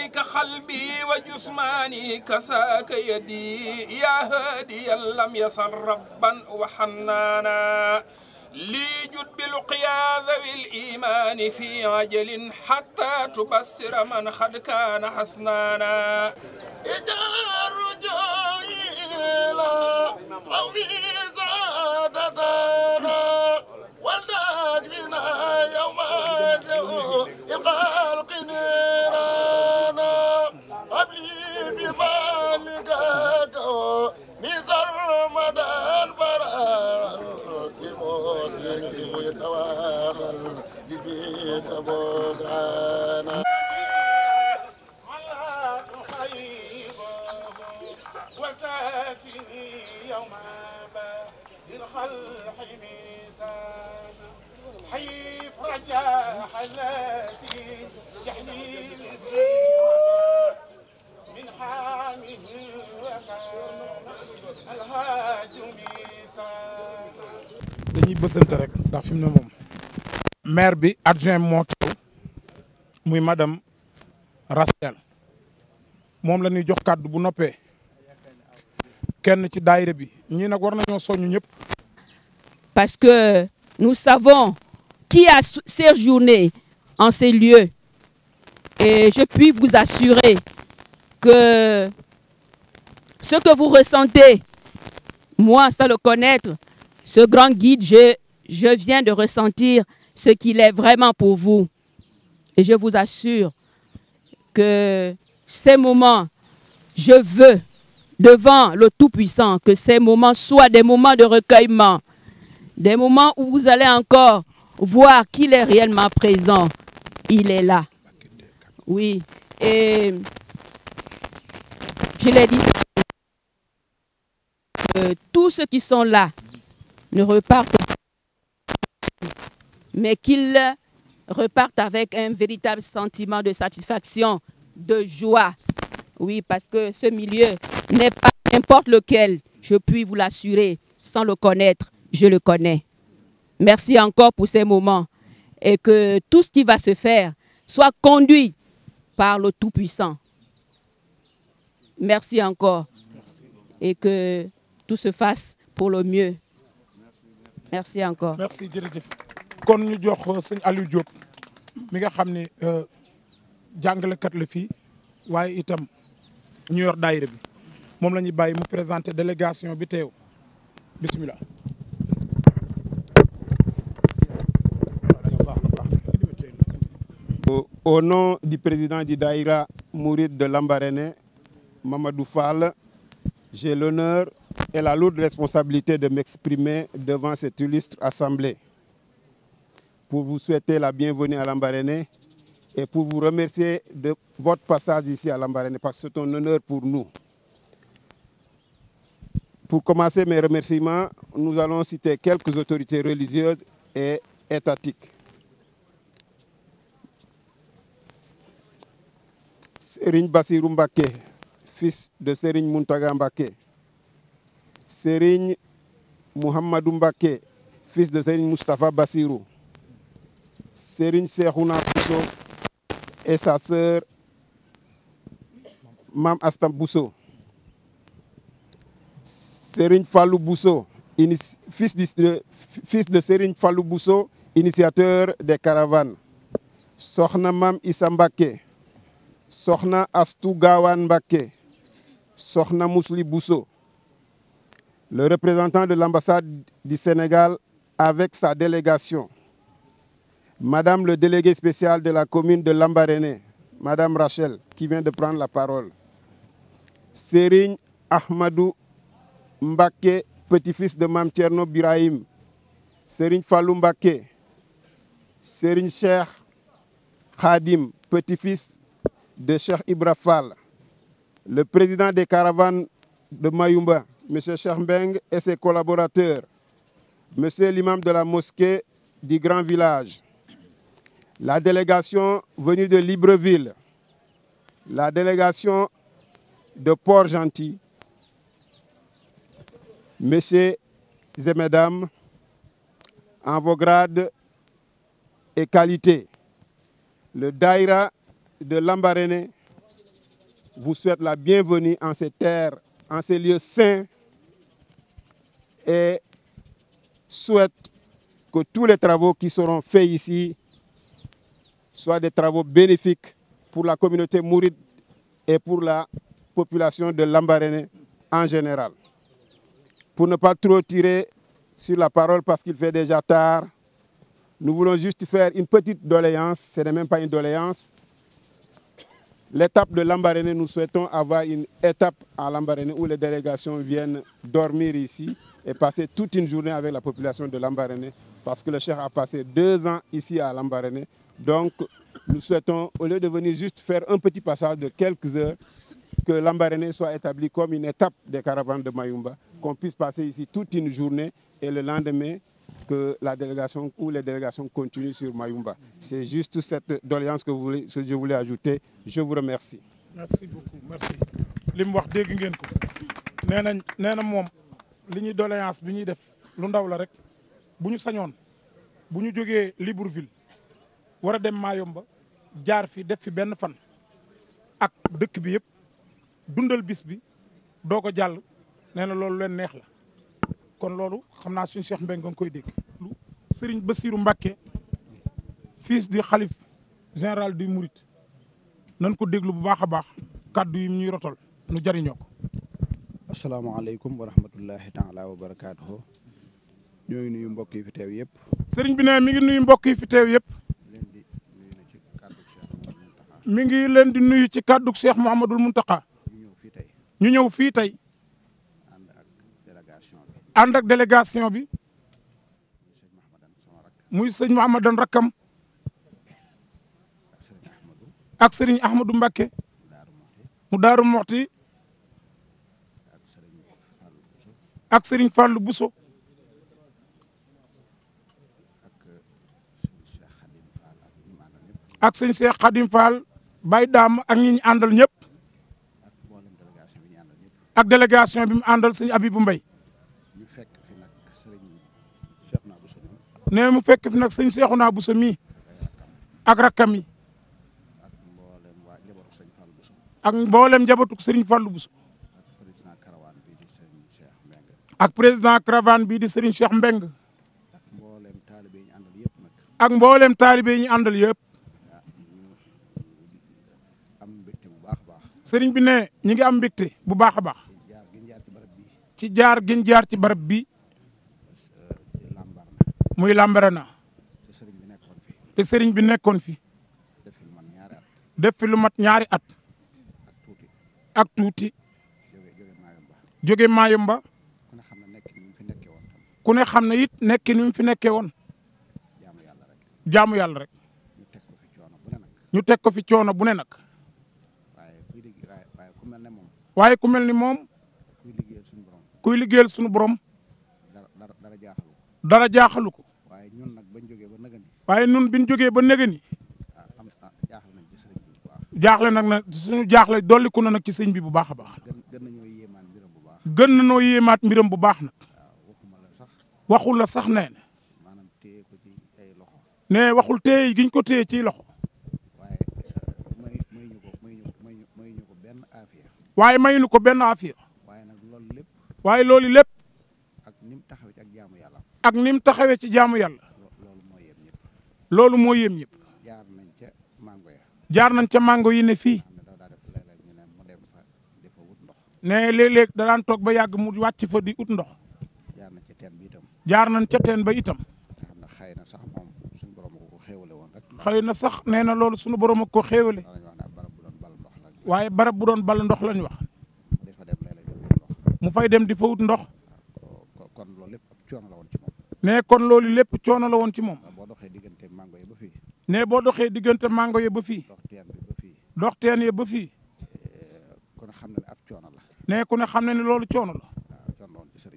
إليك قلبي وجسماني كساك يدي يا هاديا لم يسر ربا وحنانا لي جد بلقيا ذوي الإيمان في عجل حتى تبصر من قد كان حسنانا إذا رجعي إلى قومي زادتنا والناج بنا يوم جو إلقاء dañuy bësante rek ndax fi mu ne moom maire bi adjoint moo teew muy madame Rastel moom la ñuy jox kàddu bu noppee kenn ci daayira bi ñii nag war nañoo soñu ñëpp. parce que nous savons qui a séjourné en ces lieux et je puis vous assurer que ce que vous ressentez moi sans le connaître ce grand guide je viens de ressentir ce qu'il est vraiment pour vous. Et je vous assure que ces moments, je veux, devant le Tout-Puissant, que ces moments soient des moments de recueillement, des moments où vous allez encore voir qu'il est réellement présent. Il est là. Oui. Et je l'ai dit, euh, tous ceux qui sont là ne repartent mais qu'ils repartent avec un véritable sentiment de satisfaction, de joie. Oui, parce que ce milieu n'est pas n'importe lequel, je puis vous l'assurer, sans le connaître, je le connais. Merci encore pour ces moments et que tout ce qui va se faire soit conduit par le Tout-Puissant. Merci encore et que tout se fasse pour le mieux. Merci encore. kon ñu jox euh, sëñ Aliou Diop mi nga xam ne euh, jàngalekat la fi waaye itam ñu yor daayira bi moom la ñuy bàyyi mu présenter délégation bi teew bisimilah. Au nom du président du Daïra Mouride de Lambaréné, Mamadou Fall, j'ai l'honneur et la lourde responsabilité de m'exprimer devant cette illustre assemblée. pour vous souhaiter la bienvenue à Lambaréné et pour vous remercier de votre passage ici à Lambaréné parce que c'est un honneur pour nous. Pour commencer mes remerciements, nous allons citer quelques autorités religieuses et étatiques. Serigne Bassirou Mbacké, fils de Serigne Mountaga Mbacké. Serigne Mouhamadou Mbacké, fils de Serigne Moustapha Bassirou. Serigne Cheikhouna Bousso et sa sœur Mam Astam Bousso. Serigne fallu Bousso, fils de, fils de Serigne Fallou Bousso, initiateur des caravanes. Sokhna Mam Issa Mbacké, Sokhna Astou Gawane Mbacké, Sokhna Mousli Bousso. Le représentant de l'ambassade du Sénégal avec sa délégation. Madame le délégué spécial de la commune de Lambaréné, Madame Rachel, qui vient de prendre la parole. Serigne Ahmadou Mbaké, petit-fils de Mam Tcherno Birahim. Serigne Fallou Mbaké. Serigne Cheikh Khadim, petit-fils de Cheikh Ibra Fall. Le président des caravanes de Mayumba, M. Cheikh Mbeng et ses collaborateurs. Monsieur l'imam de la mosquée du Grand Village. la délégation venue de Libreville, la délégation de Port-Gentil, messieurs et mesdames, en vos grades et qualités, le Daïra de Lambaréné vous souhaite la bienvenue en ces terres, en ces lieux saints et souhaite que tous les travaux qui seront faits ici soit des travaux bénéfiques pour la communauté mouride et pour la population de Lambaréné en général. Pour ne pas trop tirer sur la parole parce qu'il fait déjà tard, nous voulons juste faire une petite doléance, ce n'est même pas une doléance. L'étape de Lambaréné, nous souhaitons avoir une étape à Lambaréné où les délégations viennent dormir ici et passer toute une journée avec la population de Lambaréné parce que le chef a passé deux ans ici à Lambaréné Donc, nous souhaitons, au lieu de venir juste faire un petit passage de quelques heures, que l'Ambaréné soit établi comme une étape des caravanes de Mayumba, qu'on puisse passer ici toute une journée et le lendemain, que la délégation ou les délégations continuent sur Mayumba. C'est juste cette doléance que, vous voulez, que je voulais ajouter. Je vous remercie. merci beaucoup merci li mu wax dégg ngeen ko nee nañ nee na moom li ñuy doléance bi ñuy def lu ndaw la rek bu ñu sañoon bu ñu jógee Libreville war a dem Mayumba jaar fi def fi benn fan ak dëkk bi yëpp dundal bis bi doo ko jàll nee na loolu leen neex la kon loolu xam naa suñu Cheikh Mbengue koy dégg. lu Serigne Bassirou Mbacké fils du xalif général du Mouride nañ ko déglu bu baax a baax kàddu yi mu ñuy rotol nu jariñoo ko. asalaamaaleykum wa rahmatullahi taala wa barakaatuhu. ñoo ngi nuyu mbokk yi fi teew yëpp. Serigne bi ne mi ngi nuyu mbokk yi fi teew yëpp. mi ngi leen di nuyu ci kàddug Cheikh Mouhamadul Mountakha ñu ñëw fii tey ànd ak délégation bi muy sëñ Mahamadan rakkam ak sëriñ Ahmadou Mbakke mu Daaru Moxti ak sëriñ Fallou Bousso ak sëñ Cheikh Khadim Fall bay daam ak ñi ñu àndal ñëpp ak délégation bi mu àndal sëñ bu mbay nee mu fekk fi nag sëñ Seexuna Buso mii ak rakkam yi ak mboolem njabatuk sëriñ Fallou Buso ak président caravane bii di sëriñ Cheikh Mbeng ak mboolem taalibe yi ñu àndal yëpp. sëriñ bi ne ñi ngi am mbégte bu baax a baax. ci jaar giñ jaar ci barab bi muy Lambaréné. te sëriñ bi nekkoon fi. def fi lu mat ñaari at. ak tuuti. jóge Mayumba. ku ne xam na it nekki ni fi nekkee woon. jaamu yàlla rek. ñu teg ko fi coono bu ne nag. waaye ku mel ni moom. kuy liggéeyal suñu borom. kuy liggéeyal suñu borom. dara dara dara jaaxalu ko. jaaxalu ko. waaye ñun nag bañ jógee ba nëgëni. waaye ñun biñ jógee ba nëgëni. Ah, ah, jaaxle nag nag suñu jaaxle dolliku na nag ci sëñ bi bu baax a baax. gën nañoo yéemaat mbiram bu baax. gën nañoo yéemaat mbiram bu baax nag. Ah, waxul la sax nee na. ne waxul téye giñ ko téye ci loxo. waaye mayuñu ko benn affaire. waaye nag loolu lépp. waaye loolu lépp. ak ni mu taxawee ci jaamu yàlla. ak ni mu taxawee ci jaamu yàlla. loolu moo yem ñëpp. loolu moo yem ñëpp. jaar nañ ca mango ya. jaar nañ ca mango yi ne fii. ne léeg-léeg da daan toog ba yàgg mu wàcc fa di ut ndox. jaar nañ ca teen ba itam. jaar nañ ca teen ba itam. xëy na sax moom suñu borom ko xéewale woon rek. xëy na sax nee na loolu suñu borom ko xéewale. waaye barab bu doon ball ndox lañ wax. mu fay dem di fa wut ndox. Ah, kon loolu lépp coono la woon ci moom. mais kon loolu lépp coono la woon ci moom. Ah, boo doxee diggante mango yi ba fii. mais boo doxee diggante mango yi ba fii. dox teen ba fii. dox teen yi ba fii. Eh, ku ne xam na ne ab la. mais ku ne xam na ne loolu coono la. Ah, coono la woon ci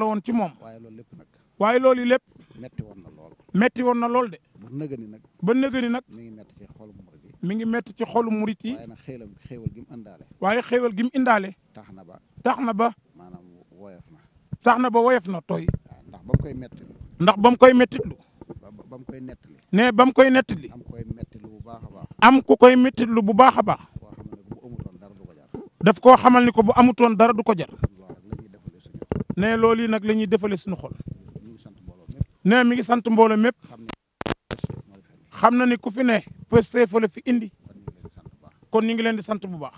la woon ci moom. waaye loolu lépp nag. waaye loolu lépp. metti woon na lool. metti na lool de. ba nëgëni nag. ba nëgëni nag. mi ngi metti ci mi ngi métti ci xolu murit yi. waaye nag xéewal gi mu indaale. waaye xéewal gi mu indaale. tax na ba. tax na ba. maanaam woyof na. tax na ba woyof na tooy. ndax ba koy métti. ndax ba mu koy métti. ba mu koy nettali. ne ba mu koy nettali. am koy métti lu bu baax a am ku koy métti bu baax a baax. def koo xamal ni ko bu amutoon dara du ko jar. ne loolu yi nag la ñuy defalee suñu xol. ne mi ngi sant mboolo mépp. xam na ni ku fi ne Pastef la fi indi kon ñu ngi leen di sant bu baax.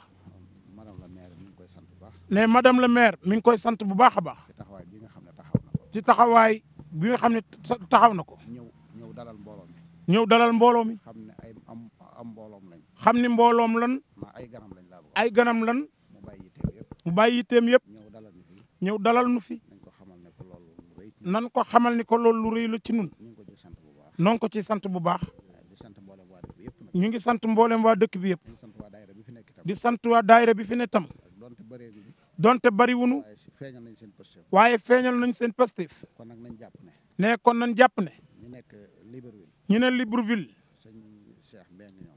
ne madame le maire mi ngi koy sant bu baax a baax. ci taxawaay bi nga xam ne taxaw na ko. ñëw dalal mbooloo ñëw dalal mbooloo mi. xam ne ay am mbooloom lañ. xam ni mbooloom lan. ay ganam lañ laa bëgg ay ganam lan. mu bàyyi yitteem yëpp. mu bàyyi yitteem yëpp. ñëw dalal ñu fi. ñëw dalal ñu fi. nañ ko xamal ne ko loolu lu rëy. ko xamal ni ko loolu lu rëy la ci nun ñoo ngi ko ciy sant bu baax. ñu ngi sant mboolem waa dëkk bi yëpp. di sant waa daayira bi fi ne tam. donte bari wunu waaye feeñal nañ seen Pastef. ne kon nañ jàpp ne. ñu ne libre Libreville.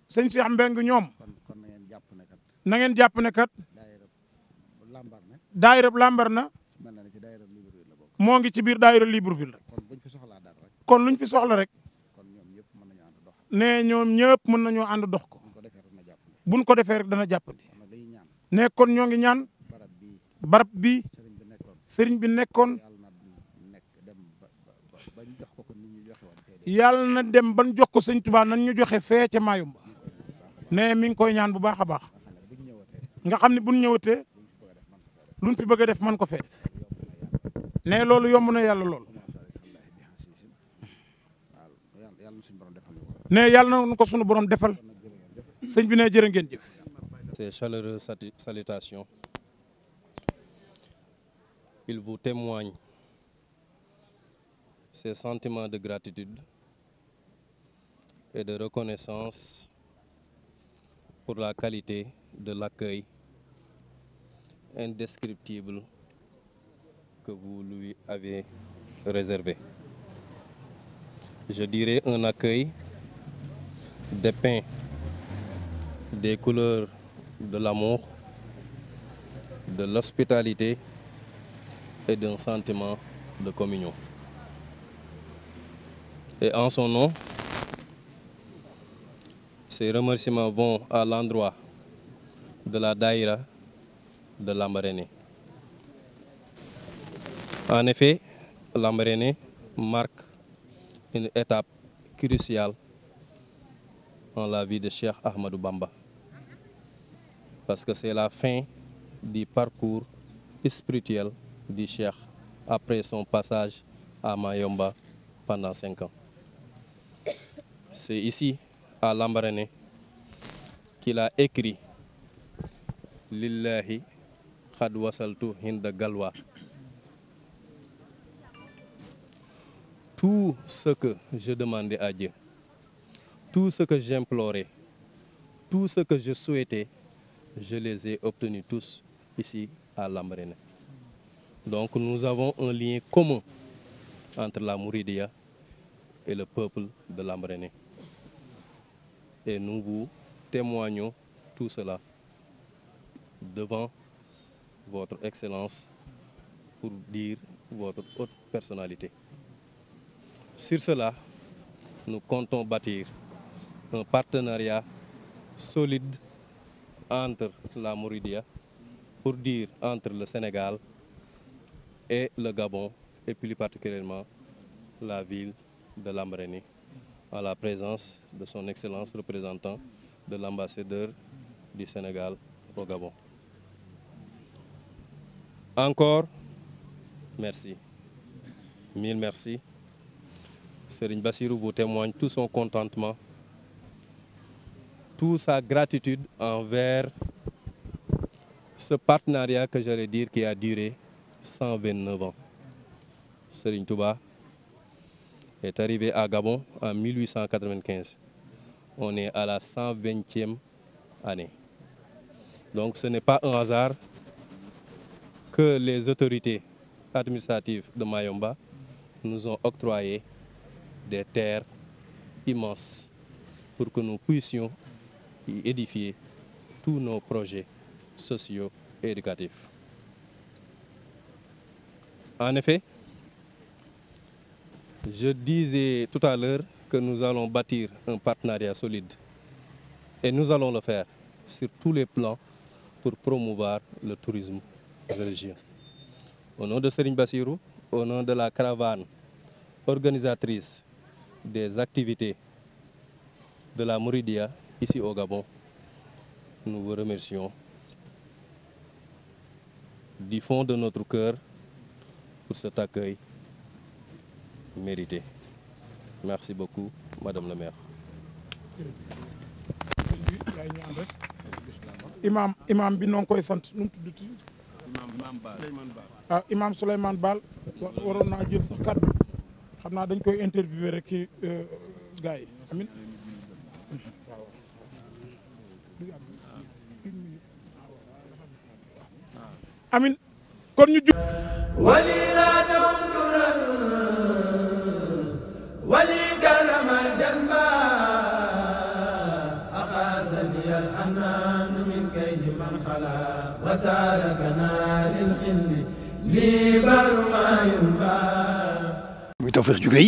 sëñ Cheikh Mbeng ñoom. na ngeen jàpp ne kat. daayira lambar na. moo ngi ci biir daayira Libreville rek. kon luñ fi soxla rek. ne ñoom ñëpp mën nañoo ànd dox ko buñ ko defee rek dana jàppandi ne kon ñoo ngi ñaan barab bi sëriñ bi nekkoon yàlla na dem ban jox ko sëñ Tuubaa nan ñu joxe fee ca Mayumba ne mi ngi koy ñaan bu baax a baax nga xam ne buñ ñëwatee luñ fi bëgg a def man ko fee def ne loolu yomb na yàlla lool ne yàlla na ko sunu borom defal sëñ bi na jërë ngeen jëf. ces chaleureuses salutations. il vous témoigne ces sentiments de gratitude et de reconnaissance pour la qualité de l'accueil indescriptible que vous lui avez réservé. Je dirais un accueil dépeint des couleurs de l'amour, de l'hospitalité et d'un sentiment de communion. Et en son nom, ces remerciements vont à l'endroit de la daïra de Lambaréné. En effet, Lambaréné marque une étape cruciale dans la vie de Cheikh Ahmadou Bamba. Parce que c'est la fin du parcours spirituel du Cheikh après son passage à Mayomba pendant ans. C'est ici, à Lambaréné, qu'il a écrit Lillahi xad wasaltu hinda galwa tout ce que je demandais à Dieu Tout ce que j'implorais, tout ce que je souhaitais, je les ai obtenus tous ici à Lambaréné. Donc nous avons un lien commun entre la Mouridia et le peuple de Lambaréné. Et nous vous témoignons tout cela devant votre excellence pour dire votre haute personnalité. Sur cela, nous comptons bâtir un partenariat solide entre la Mouridia, pour dire entre le Sénégal et le Gabon, et plus particulièrement la ville de Lambaréné, en la présence de son Excellence représentant de l'ambassadeur du Sénégal au Gabon. Encore, merci. Mille merci. Serigne Bassirou vous témoigne tout son contentement toute sa gratitude envers ce partenariat que j'allais dire qui a duré 129 ans. Serigne Touba est arrivé à Gabon en 1895. On est à la 120e année. Donc ce n'est pas un hasard que les autorités administratives de Mayomba nous ont octroyé des terres immenses pour que nous puissions y édifier tous nos projets sociaux et éducatifs. En effet, je disais tout à l'heure que nous allons bâtir un partenariat solide et nous allons le faire sur tous les plans pour promouvoir le tourisme religieux. Au nom de Serigne Bassirou, au nom de la caravane organisatrice des activités de la Mouridia, ici au de notre beaucoup, Madame imaam imaam bi noo koy sant nu mu ah, imaam Souleymane Baal waroon naa jël sax kàddu xam naa dañ koy interviewer rek ci euh, amin amin kon ñu jub wali raadahum duran wali kalamal janba aqasani al hanan min kaydi man khala wasalakana lil khilli li barma yumba muy tawfeex ju rëy